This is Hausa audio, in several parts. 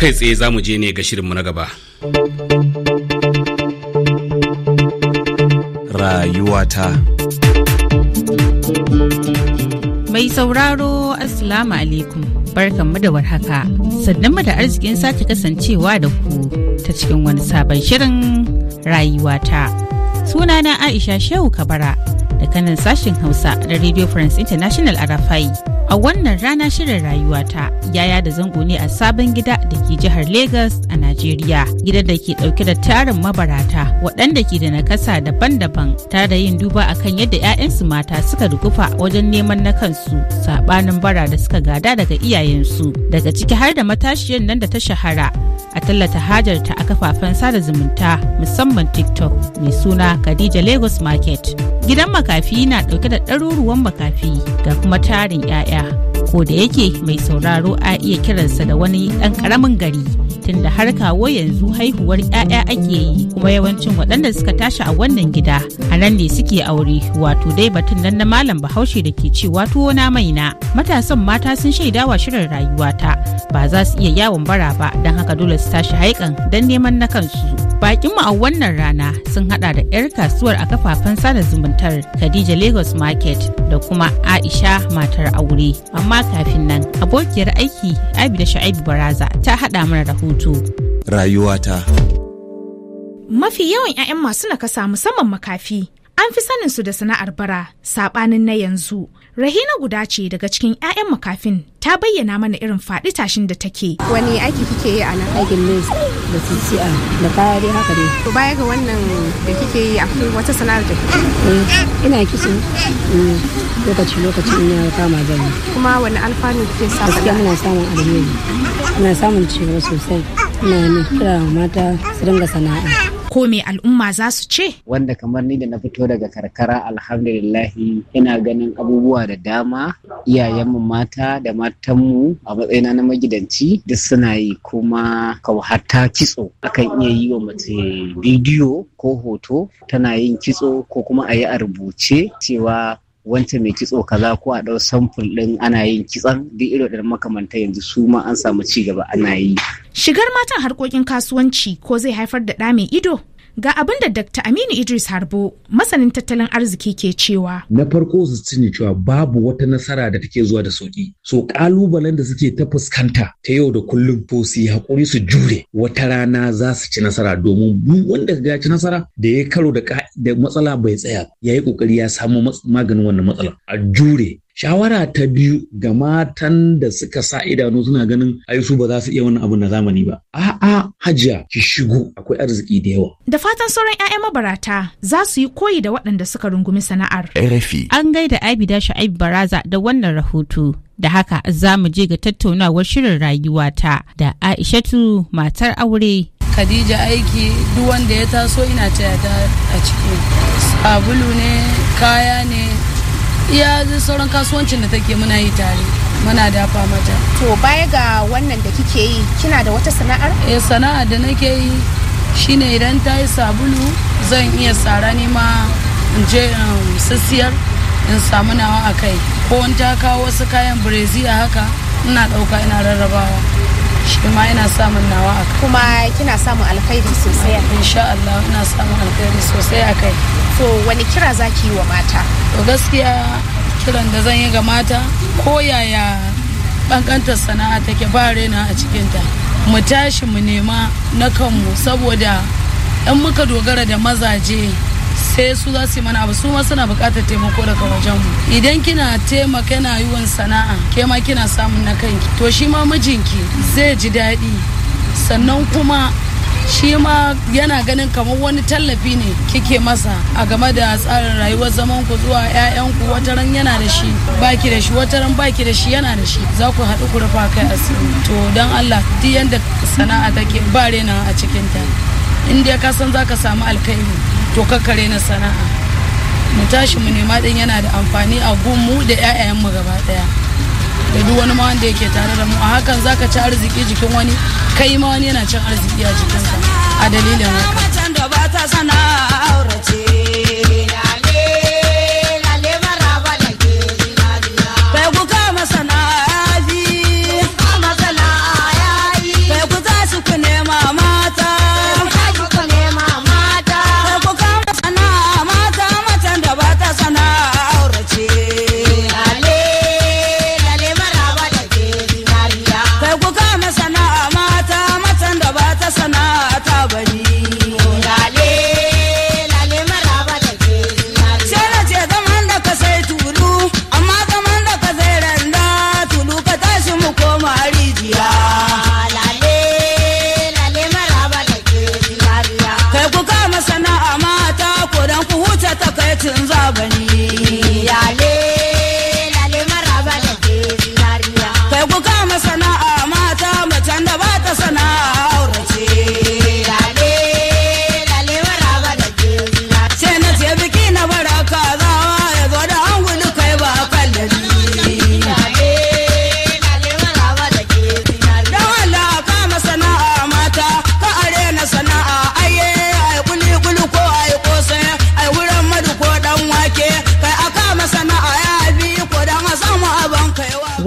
kai tsaye za mu je ne ga shirinmu na gaba. Rayuwata Mai sauraro Assalamu alaikum barkanmu da warhaka mu da arzikin sake kasancewa da ku ta cikin wani sabon shirin rayuwata. Sunana Aisha Shehu Kabara da kanan sashen Hausa da Radio France International a Rafai. A wannan rana shirin rayuwa ta, yaya da zango ne a sabon gida da ke jihar Lagos a Najeriya. Gidan da ke dauke da tarin mabarata waɗanda ke da nakasa daban-daban tare da yin duba akan yadda 'ya'yansu mata suka rukufa wajen neman na kansu saɓanin bara da suka gada daga iyayensu. Daga ciki har da matashiyar nan da ta shahara a tallata hajarta a kafafen sada zumunta musamman TikTok mai suna Khadija Lagos Market. Gidan makafi na ɗauke da ɗaruruwan makafi ga kuma tarin 'ya'ya. Ko da yake mai sauraro a iya kiransa da wani ɗan ƙaramin gari tunda har kawo yanzu haihuwar 'ya'ya ake yi kuma yawancin waɗanda suka tashi a wannan gida a nan ne suke aure wato dai batun nan na malam bahaushe da ke cewa tuwo na maina matasan mata sun shaidawa shirin rayuwata ba za su iya yawon bara ba don haka dole su tashi haikan don neman na kansu mu a wannan rana sun hada da 'yar kasuwar a kafafen sada zumuntar Khadija Lagos Market da kuma Aisha matar aure. Amma kafin nan abokiyar aiki Abida Sha'ibu Baraza ta hada mana rahoto. Rayuwata. Mafi yawan 'ya'yan masu nakasa musamman makafi an fi sanin su da sana'ar bara sabanin na yanzu Rahina guda ce daga cikin 'ya'yan makafin ta bayyana mana irin faɗi tashin da take. Wani aiki kike yi a nan aikin ne da tsitsiya da kaya dai haka ne. To baya ga wannan da kike yi akwai wata sana'ar da kike? Eh, ina kitso eh, lokaci lokaci ina ya kama zama. Kuma wani alfanu kike samu? Gaskiya muna samun alheri. Muna samun cewa sosai. mai kira mata su dinga sana'a ko me al'umma za su ce? Wanda kamar ni da na fito daga karkara alhamdulillahi ina ganin abubuwa da dama iyayenmu mata da matanmu a matsayina na magidanci duk suna yi kuma hatta kitso akan iya yi wa mace bidiyo ko hoto tana yin kitso ko kuma a yi a rubuce cewa wance mai kitso kaza ko a ɗau samfur ɗin ana yin kitsan duk irin da makamanta yanzu su ma an samu ci gaba ana yi. Shigar matan harkokin kasuwanci ko zai haifar da ɗa mai ido? Ga abin da Dr. Aminu Idris Harbo, masanin tattalin arziki ke cewa. Na farko su cini cewa babu wata nasara da take zuwa da sauki. So kalubalen da suke ta fuskanta ta yau da kullum to su hakuri su jure wata rana za su ci nasara domin mu wanda ga ci nasara da ya karo da matsala bai tsaya yayi yi kokari ya samu maganin wannan matsala a jure Shawara ta biyu ga matan da suka sa idanu suna ganin ai su ba za su iya wannan abu na zamani ba. A'a hajiya ki shigo akwai arziki da yawa. Da fatan sauran 'ya'yan mabarata za su yi koyi da waɗanda suka rungumi sana'ar. RFI. An gaida Abida Sha'ib Baraza da wannan rahoto. da haka za mu je ga tattaunawar shirin rayuwata da aishatu matar aure khadija aiki duk wanda ya taso ina taya ta a ciki sabulu ne kaya ne iya sauran kasuwancin da take muna yi tare muna dafa mata to baya ga wannan da kike yi kina da wata sana'ar eh sana'a da nake yi shine idan ta yi sabulu zan iya tsara ne ma in je in um, sassiyar in samu nawa a kai ko in ta kawo wasu kayan brezi a haka ina ɗauka ina rarrabawa shi yana samun nawa a kuma kina samun alkhairi sosai a insha Allah ina samun alkhairi sosai a kai to wani kira zaki yi wa mata to gaskiya kiran da zan yi ga mata ko yaya bankantar sana'a take ba rena a cikinta mu tashi mu nema na kanmu saboda in muka dogara da mazaje sai su za su yi mana abu su ma suna bukatar taimako daga wajen mu idan kina taimaka yana yiwon sana'a ke ma kina samun na kanki to shi ma mijinki zai ji daɗi sannan kuma shi ma yana ganin kamar wani tallafi ne kike masa a game da tsarin rayuwar zaman ku zuwa 'ya'yanku wataran yana da shi baki da shi wataran baki da shi yana da shi za ku haɗu ku rufa kai asiri to don allah duk yadda sana'a take ba rena a cikin ta. in dai ka san za ka samu alkairi to kare na sana'a mu tashi mu nema din yana da amfani a gunmu da mu gaba daya da duk wani ma wanda yake tare da mu a hakan za ka ci arziki jikin wani kai ma wani yana cin arziki a jikinsa a dalilin haka.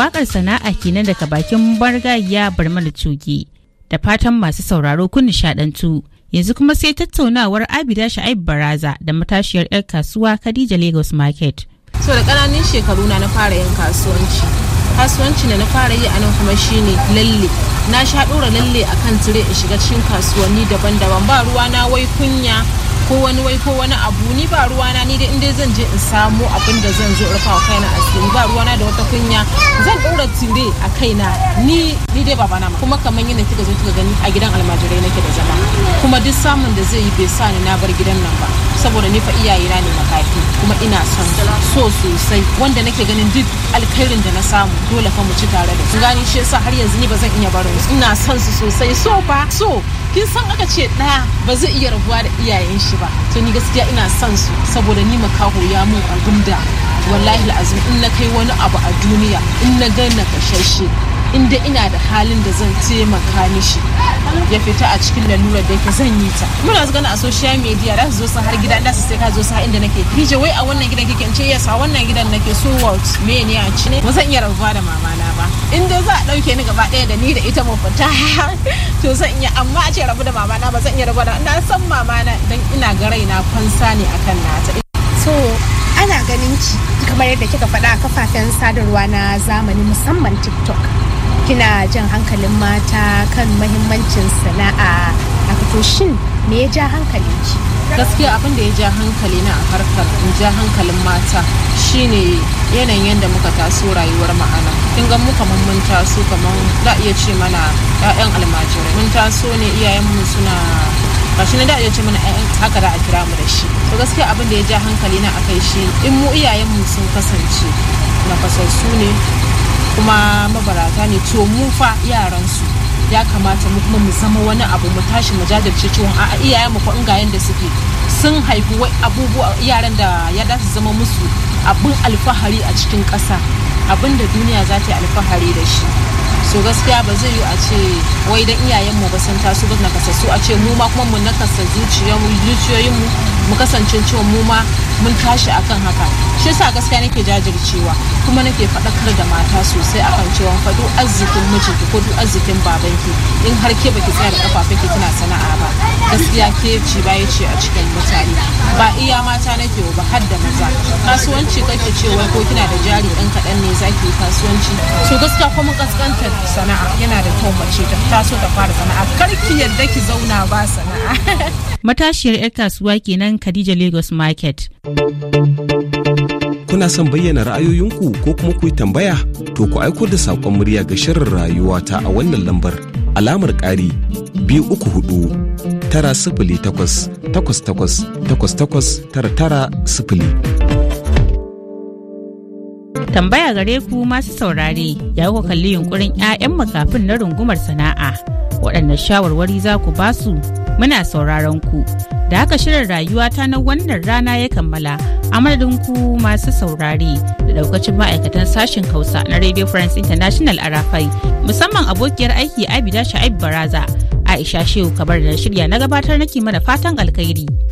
Wakar sana'a kenan daga bakin bargayya barmar cuge. Da fatan masu sauraro kun nishadantu. Yanzu kuma sai tattaunawar Abida Sha'ib Baraza da matashiyar 'yar kasuwa Khadija Lagos Market. So da kananin shekaru na na fara yin kasuwanci. Kasuwanci da na fara yi a nan kuma shine lalle. Na sha ɗora lalle akan tire in shiga cikin kasuwanni daban-daban ba ruwa na wai kunya ko wani wai ko wani abu ni ba ruwana ni dai inda zan je in samu abin da zan zo rufa wa kaina asiri ba ruwana da wata kunya zan dora tire a kaina ni ni dai babana kuma kamar yadda kika zo kika gani a gidan almajirai nake da zama kuma duk samun da zai yi bai sa ni na bar gidan nan ba saboda ni fa na ne makafi kuma ina son so sosai wanda nake ganin duk alkhairin da na samu dole fa mu ci tare da su gani shi yasa har yanzu ni ba zan iya barin su ina son su sosai so fa so kin san aka ce ɗaya ba zai iya rabuwa da iyayen shi ba to ni gaskiya ina son su saboda ni makaho ya mun da wallahi azum in na kai wani abu a duniya in na ga na kashashe inda da ina da halin da zan taimaka mishi ya fita a cikin lalurar da yake zan yi ta muna zuwa a social media da su zo su har gida da su sai ka zo su inda nake dije wai a wannan gidan kike ce yasa wannan gidan nake so what me ne a ci ne ba zan iya rabuwa da mama na ba inda za a dauke ni gaba ɗaya da ni da ita mu fita to zan iya amma a ce rabu da mama na ba zan iya rabu da na san mama na dan ina ga raina kwansa ne akan nata so ana ganin ki kamar yadda kika faɗa a kafafen sadarwa na zamani musamman tiktok kina jan hankalin mata kan mahimmancin sana'a a fito shin me ya ja hankalin ki gaskiya abin da ya ja hankali na a harkar in ja hankalin mata shine yanayin yadda muka taso rayuwar ma'ana kin ga mu kamar mun taso kaman da iya ce mana ƴaƴan almajirai mun taso ne iyayenmu suna ba shi na da ce mana haka da a kira mu da shi to gaskiya abin da ya ja hankali na akai shi in mu iyayenmu sun kasance na fasassu ne kuma mabarata ne to mu fa yaran su ya kamata mu kuma mu zama wani abu mu tashi mu jajirce ciwon a iyayen mu fa in ga yanda suke sun haifi wai abubuwa yaran da ya dace zama musu abin alfahari a cikin kasa abin da duniya za ta yi alfahari da shi so gaskiya ba zai yi a ce wai dan iyayen mu ba sun taso ba nakasassu a ce mu ma kuma mu nakasa zuciyoyin mu mu kasance cewa mu ma mun tashi akan haka shi yasa gaskiya nake jajircewa kuma nake faɗakar da mata sosai akan cewa fa arzikin miji ko duk arzikin babanki in har ke baki tsaya da ki kina sana'a ba gaskiya ke ci baya ce a cikin mutane ba iya mata nake ba har da maza kasuwanci kake cewa ko kina da jari ɗan kaɗan ne zaki yi kasuwanci to gaskiya ko mun kaskanta sana'a yana da kyau mace ta taso ta fara sana'a kar ki yarda ki zauna ba sana'a matashiyar 'yar kasuwa kenan Khadija Lagos Market. Kuna son bayyana ra'ayoyinku ko kuma ku yi tambaya? To ku aiko da saƙon murya ga shirin rayuwa ta a wannan lambar alamar ƙari biyu uku hudu tara sifili takwas takwas takwas takwas takwas tara tara sifili. Tambaya gare ku masu saurare ya kuka kalli yunkurin 'ya'yan makafin na rungumar sana'a waɗanne shawarwari za ku basu muna sauraron ku Da haka shirin rayuwa ta na wannan rana ya kammala a madadin ku masu saurari. da daukacin ma'aikatan sashen Hausa na Radio France International a Rafai musamman abokiyar aiki Abida Sha'ib Baraza Aisha Shehu kabar da shirya na gabatar nake mana fatan alkhairi.